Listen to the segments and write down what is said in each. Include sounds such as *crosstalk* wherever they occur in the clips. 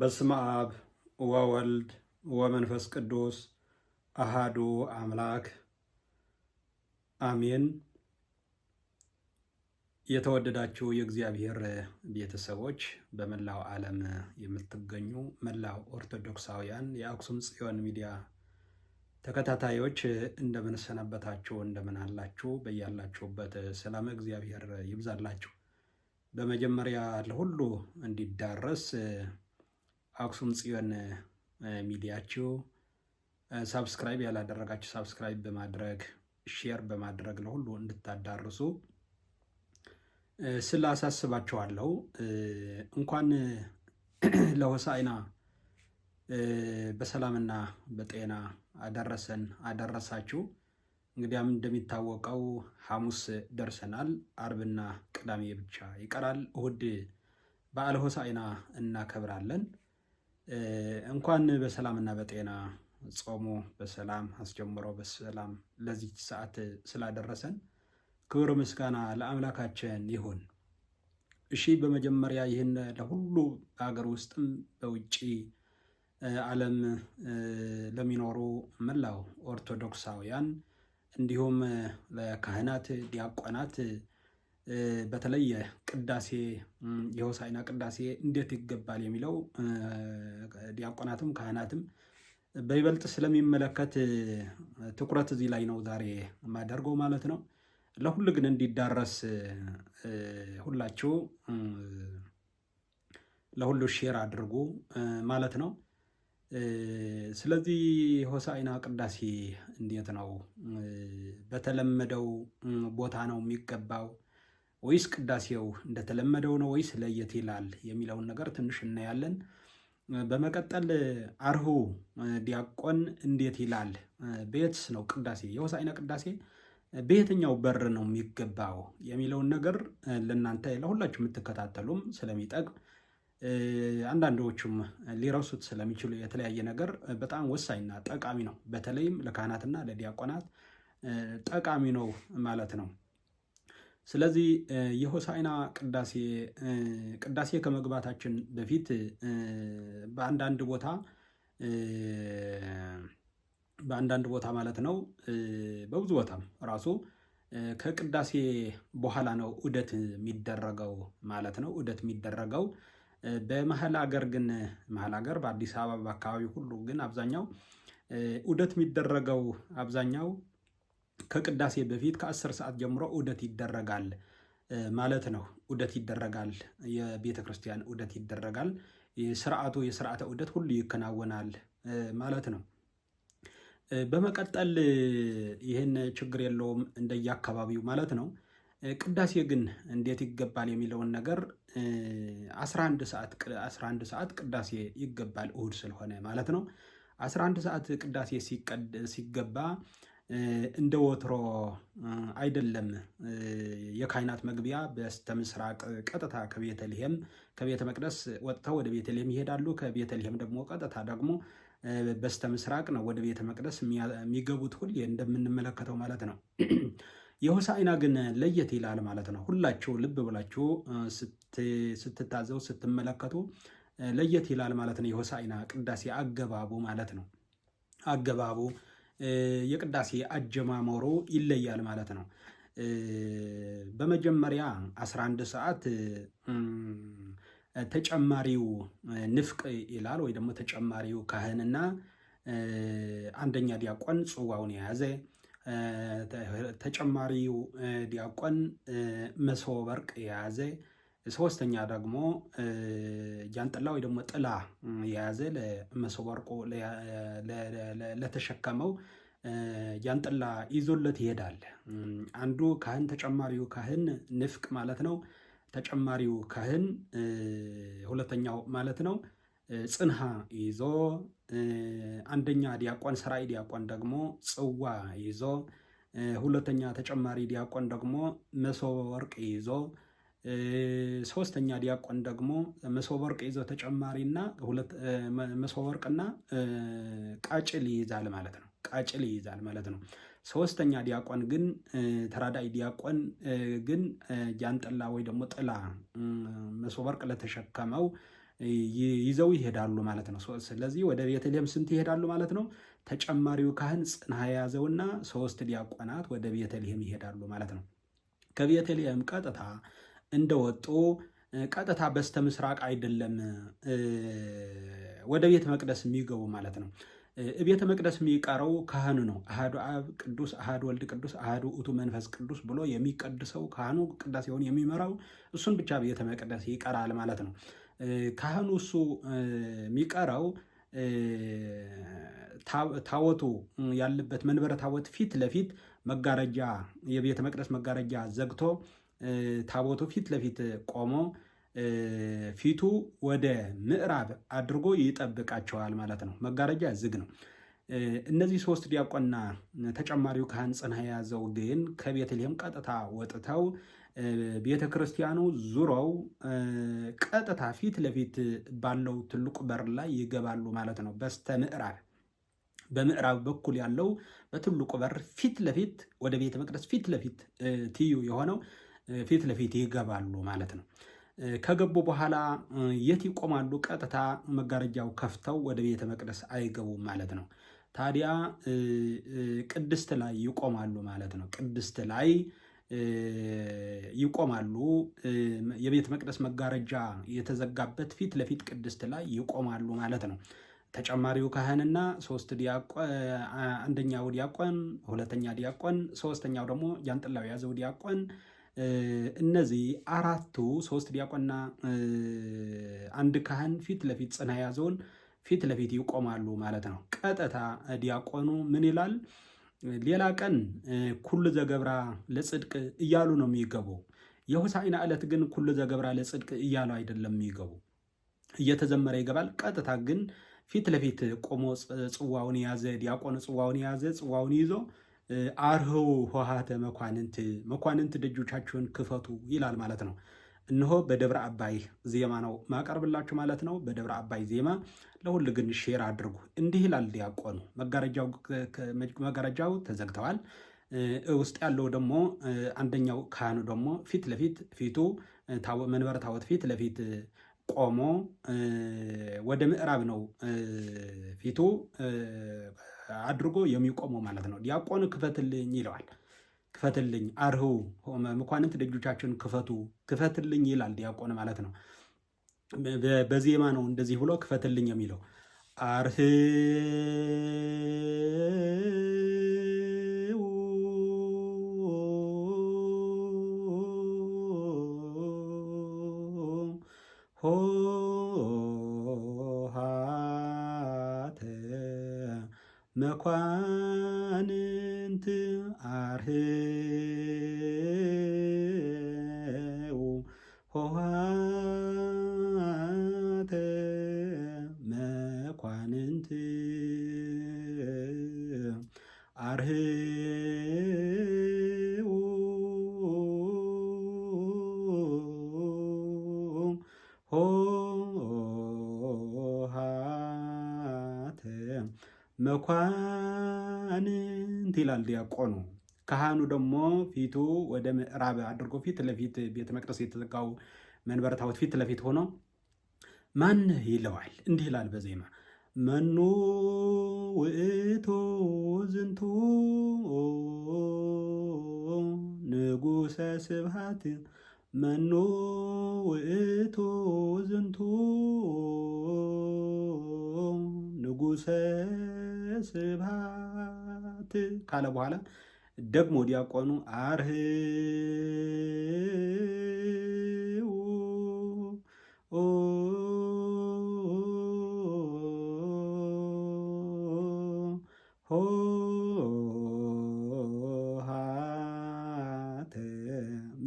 በስመ አብ ወወልድ ወመንፈስ ቅዱስ አሃዱ አምላክ አሜን። የተወደዳችሁ የእግዚአብሔር ቤተሰቦች በመላው ዓለም የምትገኙ መላው ኦርቶዶክሳውያን የአክሱም ጽዮን ሚዲያ ተከታታዮች እንደምንሰነበታችሁ፣ እንደምን አላችሁ? በያላችሁበት ሰላም እግዚአብሔር ይብዛላችሁ። በመጀመሪያ ለሁሉ እንዲዳረስ አክሱም ጽዮን ሚዲያችሁ ሰብስክራይብ ያላደረጋችሁ ሰብስክራይብ በማድረግ ሼር በማድረግ ለሁሉ እንድታዳርሱ ስለ አሳስባችኋለሁ። እንኳን *clears throat* ለሆሳዕና በሰላምና በጤና አደረሰን አደረሳችሁ። እንግዲያም እንደሚታወቀው ሐሙስ ደርሰናል። አርብና ቅዳሜ ብቻ ይቀራል። እሁድ በዓለ ሆሳዕና እናከብራለን። እንኳን በሰላምና በጤና ጾሙ በሰላም አስጀምሮ በሰላም ለዚህ ሰዓት ስላደረሰን ክብር ምስጋና ለአምላካችን ይሁን። እሺ በመጀመሪያ ይህን ለሁሉ በሀገር ውስጥም በውጭ ዓለም ለሚኖሩ መላው ኦርቶዶክሳውያን እንዲሁም ለካህናት፣ ዲያቆናት በተለየ ቅዳሴ የሆሳዕና ቅዳሴ እንዴት ይገባል የሚለው ዲያቆናትም ካህናትም በይበልጥ ስለሚመለከት ትኩረት እዚህ ላይ ነው ዛሬ የማደርገው ማለት ነው። ለሁሉ ግን እንዲዳረስ ሁላችሁ ለሁሉ ሼር አድርጉ ማለት ነው። ስለዚህ ሆሳዕና ቅዳሴ እንዴት ነው? በተለመደው ቦታ ነው የሚገባው ወይስ ቅዳሴው እንደተለመደው ነው ወይስ ለየት ይላል የሚለውን ነገር ትንሽ እናያለን። በመቀጠል አርሁ ዲያቆን እንዴት ይላል? ቤት ነው ቅዳሴ የሆሳዕና ቅዳሴ በየትኛው በር ነው የሚገባው የሚለውን ነገር ለእናንተ ለሁላችሁ የምትከታተሉም ስለሚጠቅም አንዳንዶቹም ሊረሱት ስለሚችሉ የተለያየ ነገር በጣም ወሳኝና ጠቃሚ ነው። በተለይም ለካህናትና ለዲያቆናት ጠቃሚ ነው ማለት ነው። ስለዚህ የሆሳዕና ቅዳሴ ቅዳሴ ከመግባታችን በፊት በአንዳንድ ቦታ በአንዳንድ ቦታ ማለት ነው፣ በብዙ ቦታም ራሱ ከቅዳሴ በኋላ ነው ዑደት የሚደረገው ማለት ነው። ዑደት የሚደረገው በመሀል አገር ግን መሀል አገር በአዲስ አበባ አካባቢ ሁሉ ግን አብዛኛው ዑደት የሚደረገው አብዛኛው ከቅዳሴ በፊት ከአስር ሰዓት ጀምሮ ዑደት ይደረጋል ማለት ነው። ዑደት ይደረጋል፣ የቤተ ክርስቲያን ዑደት ይደረጋል። ስርዓቱ የስርዓተ ዑደት ሁሉ ይከናወናል ማለት ነው። በመቀጠል ይህን ችግር የለውም እንደየአካባቢው ማለት ነው። ቅዳሴ ግን እንዴት ይገባል የሚለውን ነገር 11 ሰዓት ቅዳሴ ይገባል እሁድ ስለሆነ ማለት ነው። 11 ሰዓት ቅዳሴ ሲገባ እንደ ወትሮ አይደለም። የካህናት መግቢያ በስተ ምስራቅ ቀጥታ ከቤተልሔም ከቤተ መቅደስ ወጥተው ወደ ቤተልሔም ይሄዳሉ። ከቤተልሔም ደግሞ ቀጥታ ደግሞ በስተ ምስራቅ ነው ወደ ቤተ መቅደስ የሚገቡት ሁሌ እንደምንመለከተው ማለት ነው። *clears throat* የሆሳዕና ግን ለየት ይላል ማለት ነው። ሁላችሁ ልብ ብላችሁ ስትታዘው ስትመለከቱ ለየት ይላል ማለት ነው። የሆሳዕና ቅዳሴ አገባቡ ማለት ነው አገባቡ የቅዳሴ አጀማመሩ ይለያል ማለት ነው። በመጀመሪያ 11 ሰዓት ተጨማሪው ንፍቅ ይላል ወይ ደግሞ ተጨማሪው ካህንና አንደኛ ዲያቆን ጽዋውን የያዘ ተጨማሪው ዲያቆን መሶበ ወርቅ የያዘ ሶስተኛ ደግሞ ጃንጥላ ወይ ደግሞ ጥላ የያዘ ለመሶበ ወርቁ ለተሸከመው ጃንጥላ ይዞለት ይሄዳል። አንዱ ካህን ተጨማሪው ካህን ንፍቅ ማለት ነው። ተጨማሪው ካህን ሁለተኛው ማለት ነው ጽንሃ ይዞ፣ አንደኛ ዲያቆን ሰራይ ዲያቆን ደግሞ ጽዋ ይዞ፣ ሁለተኛ ተጨማሪ ዲያቆን ደግሞ መሶበ ወርቅ ይዞ ሶስተኛ ዲያቆን ደግሞ መሶበ ወርቅ ይዞ ተጨማሪና መሶበ ወርቅና ቃጭል ይይዛል ማለት ነው። ቃጭል ይይዛል ማለት ነው። ሶስተኛ ዲያቆን ግን ተራዳይ ዲያቆን ግን ጃንጥላ ወይ ደግሞ ጥላ መሶበ ወርቅ ለተሸከመው ይዘው ይሄዳሉ ማለት ነው። ስለዚህ ወደ ቤተልሔም ስንት ይሄዳሉ ማለት ነው? ተጨማሪው ካህን ጽንሐ የያዘውና ሶስት ዲያቆናት ወደ ቤተልሔም ይሄዳሉ ማለት ነው። ከቤተልሔም ቀጥታ እንደወጡ ቀጥታ በስተ ምስራቅ አይደለም ወደ ቤተ መቅደስ የሚገቡ ማለት ነው። ቤተ መቅደስ የሚቀረው ካህኑ ነው። አህዱ አብ ቅዱስ፣ አህዱ ወልድ ቅዱስ፣ አህዱ ውእቱ መንፈስ ቅዱስ ብሎ የሚቀድሰው ካህኑ ቅዳሴውን የሚመራው እሱን ብቻ ቤተ መቅደስ ይቀራል ማለት ነው። ካህኑ እሱ የሚቀረው ታወቱ ያለበት መንበረ ታወት ፊት ለፊት መጋረጃ የቤተ መቅደስ መጋረጃ ዘግቶ ታቦቱ ፊት ለፊት ቆሞ ፊቱ ወደ ምዕራብ አድርጎ ይጠብቃቸዋል ማለት ነው። መጋረጃ ዝግ ነው። እነዚህ ሶስት ዲያቆንና ተጨማሪው ካህን ጽንሐ የያዘው ግን ከቤተልሔም ቀጥታ ወጥተው ቤተ ክርስቲያኑ ዙረው ቀጥታ ፊት ለፊት ባለው ትልቁ በር ላይ ይገባሉ ማለት ነው። በስተ ምዕራብ በምዕራብ በኩል ያለው በትልቁ በር ፊት ለፊት ወደ ቤተ መቅደስ ፊት ለፊት ትይዩ የሆነው ፊት ለፊት ይገባሉ ማለት ነው። ከገቡ በኋላ የት ይቆማሉ? ቀጥታ መጋረጃው ከፍተው ወደ ቤተ መቅደስ አይገቡም ማለት ነው። ታዲያ ቅድስት ላይ ይቆማሉ ማለት ነው። ቅድስት ላይ ይቆማሉ። የቤተ መቅደስ መጋረጃ የተዘጋበት ፊት ለፊት ቅድስት ላይ ይቆማሉ ማለት ነው። ተጨማሪው ካህንና ሶስት ዲያቆን አንደኛው ዲያቆን፣ ሁለተኛ ዲያቆን፣ ሶስተኛው ደግሞ ጃንጥላው የያዘው ዲያቆን እነዚህ አራቱ ሶስት ዲያቆንና አንድ ካህን ፊት ለፊት ጽና ያዘውን ፊት ለፊት ይቆማሉ ማለት ነው። ቀጥታ ዲያቆኑ ምን ይላል? ሌላ ቀን ኩሉ ዘገብራ ለጽድቅ እያሉ ነው የሚገቡ። የሆሳዕና ዕለት ግን ኩሉ ዘገብራ ለጽድቅ እያሉ አይደለም የሚገቡ። እየተዘመረ ይገባል። ቀጥታ ግን ፊት ለፊት ቆሞ ጽዋውን የያዘ ዲያቆኑ ጽዋውን የያዘ ጽዋውን ይዞ አርህው ኆኃተ መኳንንት መኳንንት ደጆቻችሁን ክፈቱ ይላል ማለት ነው። እነሆ በደብረ አባይ ዜማ ነው ማቀርብላችሁ ማለት ነው። በደብረ አባይ ዜማ ለሁሉ ግን ሼር አድርጉ። እንዲህ ይላል ዲያቆኑ። መጋረጃው ተዘግተዋል። ውስጥ ያለው ደግሞ አንደኛው ካህኑ ደግሞ ፊት ለፊት ፊቱ መንበረ ታቦት ፊት ለፊት ቆሞ ወደ ምዕራብ ነው ፊቱ አድርጎ የሚቆመው ማለት ነው። ዲያቆኑ ክፈትልኝ ይለዋል። ክፈትልኝ አርህ መኳንንት ደጆቻቸውን ክፈቱ፣ ክፈትልኝ ይላል ዲያቆን ማለት ነው። በዜማ ነው እንደዚህ ብሎ ክፈትልኝ የሚለው አርህ። መኳንንት አርኅዉ ኆኃተ መኳንንት አርኅዉ መኳንንት ይላል ዲያቆኑ። ካህኑ ደግሞ ፊቱ ወደ ምዕራብ አድርጎ ፊት ለፊት ቤተ መቅደስ የተዘጋው መንበረ ታቦት ፊት ለፊት ሆኖ ማን ይለዋል? እንዲህ ይላል በዜማ መኑ ውእቱ ዝንቱ ንጉሰ ስብሃት መኑ ውእቱ ዝንቱ ንጉሰ ስብሐት ካለ በኋላ ደግሞ ዲያቆኑ አርኅዉ ሆሃተ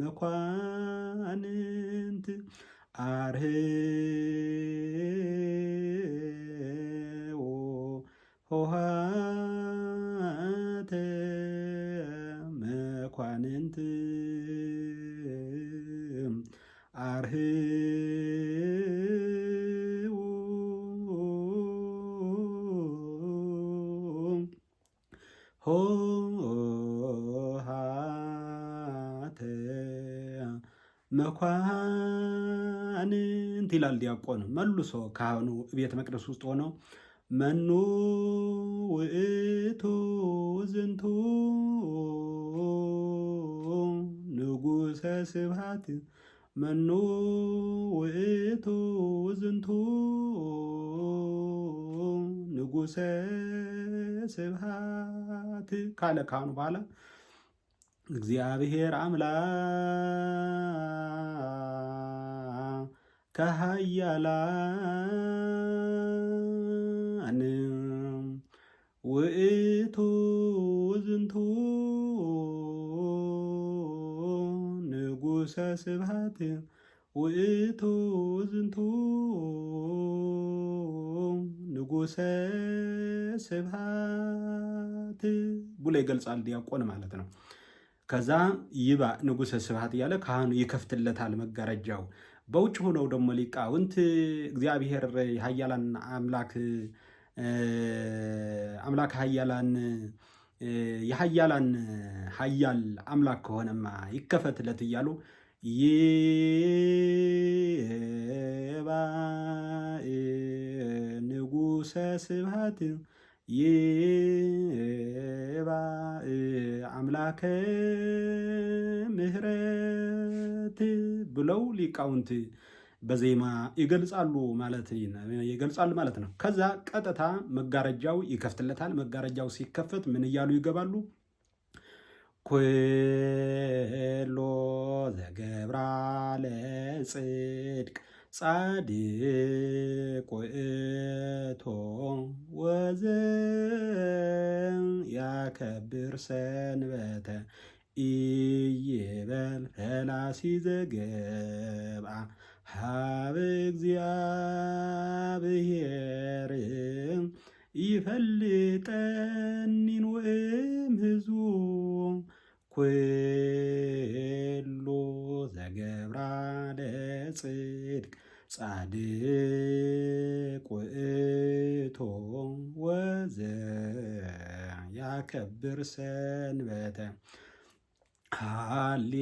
መኳንንት አርህ ሆሃተ መኳንንት ይላል ዲያቆን መልሶ ካህኑ ቤተ መቅደስ ውስጥ ሆነው መኑ ውእቱ ዝንቱ ንጉሰ ስብሃት መኑ ውእቱ ዝንቱ ንጉሰ ስብሐት ካለ ካህኑ በኋላ እግዚአብሔር አምላከ ከሃያላን ውእቱ ዝንቱ ንጉሰ ስብሐት ውእቱ ዝንቱ ንጉሰ ስብሃት ብሎ ይገልጻል። ዲያቆን ማለት ነው። ከዛ ይባ ንጉሰ ስብሃት እያለ ካህኑ ይከፍትለታል መጋረጃው። በውጭ ሆነው ደግሞ ሊቃውንት እግዚአብሔር ሀያላን አምላክ አምላክ ሀያላን የሀያላን ሀያል አምላክ ከሆነማ ይከፈትለት እያሉ ይባ ንጉሰ ስብሐት ይባ አምላከ ምህረት ብለው ሊቃውንት በዜማ ይገልጻሉ ማለት ይገልጻል ማለት ነው። ከዛ ቀጥታ መጋረጃው ይከፍትለታል። መጋረጃው ሲከፈት ምን እያሉ ይገባሉ? ኩሎ ዘገብራ ለጽድቅ ጻድቅ ውእቶ ወዝም ያከብር ሰንበተ ኢይበል ፈላሲ ዘገብአ ሀበ እግዚአብሔር ይፈልጠኒን ውእም ህዙ ኩሉ ወገብራ ለጽድቅ ጻድቅ ውእቶ ወዘ ያከብር ሰንበተ ሃሌ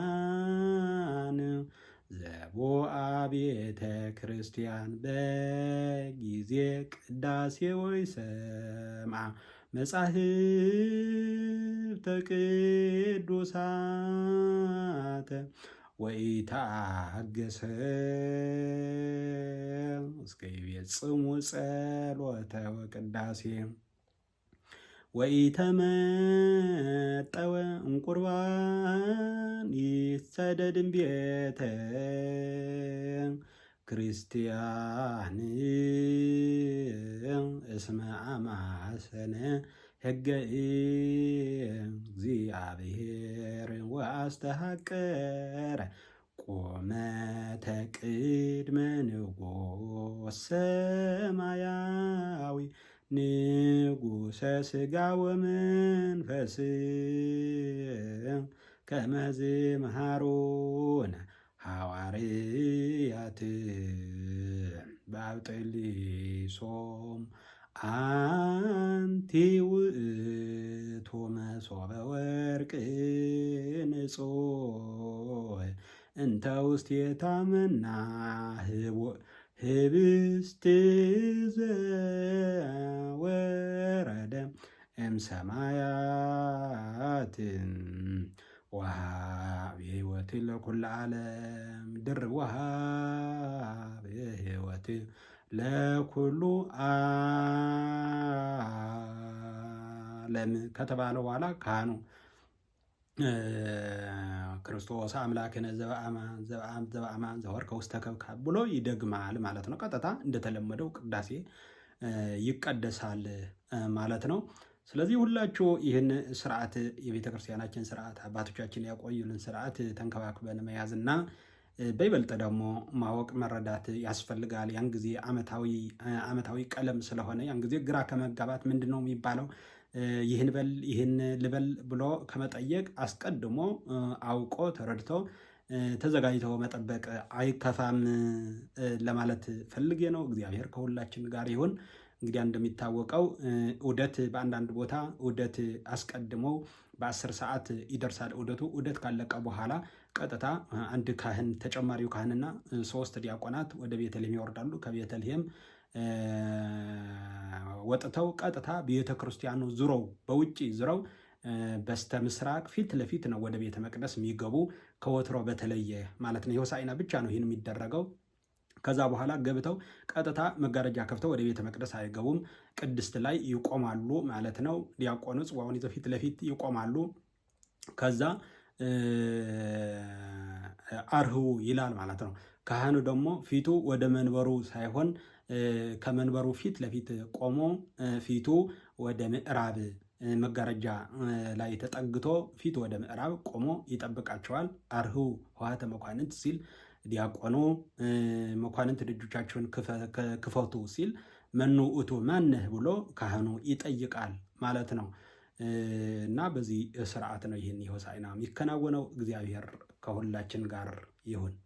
ክርስቲያን ዘቦአ ቤተ ክርስቲያን በጊዜ ቅዳሴ ወይ ሰማ መጻሕፍተ ቅዱሳት ወይ ተአገሰ እስከ ይቤጽሙ ጸሎተ ወቅዳሴ ወኢተመጠወ እንቁርባን ይሰደድ እምቤተ ክርስቲያን እስመ አማሰነ ሕገ እግዚአብሔር ወአስተሐቀረ ቆመ ቅድመ ንጉሥ ሰማያዊ ንጉሰ ስጋ ወመንፈስ ከመዝ መሃሮነ ሐዋርያት ባብጠሊሶም አንቲ ውእቱ መሶበ ወርቅ ንጹሕ እንተ ውስቴታ መናህቦ ህብስት ዘወረደ እምሰማያት ወሃብ የህይወት ለኩል ዓለም ድርብ ወሃብ የህይወት ለኩሉ ዓለም ከተባለ በኋላ ካህኑ ክርስቶስ አምላክነ ዘበአማን ዘወርከ ውስተ ከብካብ ብሎ ይደግማል ማለት ነው። ቀጥታ እንደተለመደው ቅዳሴ ይቀደሳል ማለት ነው። ስለዚህ ሁላችሁ ይህን ስርዓት የቤተክርስቲያናችን ስርዓት አባቶቻችን ያቆዩልን ስርዓት ተንከባክበን መያዝና በይበልጥ ደግሞ ማወቅ መረዳት ያስፈልጋል። ያን ጊዜ ዓመታዊ ቀለም ስለሆነ ያን ጊዜ ግራ ከመጋባት ምንድን ነው የሚባለው ይህን በል ይህን ልበል ብሎ ከመጠየቅ አስቀድሞ አውቆ ተረድቶ ተዘጋጅቶ መጠበቅ አይከፋም ለማለት ፈልጌ ነው። እግዚአብሔር ከሁላችን ጋር ይሁን። እንግዲያ እንደሚታወቀው ዑደት በአንዳንድ ቦታ ዑደት አስቀድሞ በአስር ሰዓት ይደርሳል ዑደቱ። ዑደት ካለቀ በኋላ ቀጥታ አንድ ካህን ተጨማሪው ካህንና ሶስት ዲያቆናት ወደ ቤተልሔም ይወርዳሉ። ከቤተልሔም ወጥተው ቀጥታ ቤተ ክርስቲያኑ ዙረው በውጭ ዙረው በስተ ምስራቅ ፊት ለፊት ነው ወደ ቤተ መቅደስ የሚገቡ ከወትሮ በተለየ ማለት ነው። የሆሳዕና ብቻ ነው ይህን የሚደረገው። ከዛ በኋላ ገብተው ቀጥታ መጋረጃ ከፍተው ወደ ቤተ መቅደስ አይገቡም። ቅድስት ላይ ይቆማሉ ማለት ነው። ዲያቆኑ ጽዋውን ይዘው ፊት ለፊት ይቆማሉ። ከዛ አርኅዉ ይላል ማለት ነው። ካህኑ ደግሞ ፊቱ ወደ መንበሩ ሳይሆን ከመንበሩ ፊት ለፊት ቆሞ ፊቱ ወደ ምዕራብ መጋረጃ ላይ ተጠግቶ ፊት ወደ ምዕራብ ቆሞ ይጠብቃቸዋል። አርሁ ኆኃተ መኳንንት ሲል ዲያቆኑ መኳንንት ደጆቻቸውን ክፈቱ ሲል መኑ እቱ ማንህ ብሎ ካህኑ ይጠይቃል ማለት ነው። እና በዚህ ስርዓት ነው ይህን የሆሳዕና የሚከናወነው። እግዚአብሔር ከሁላችን ጋር ይሁን።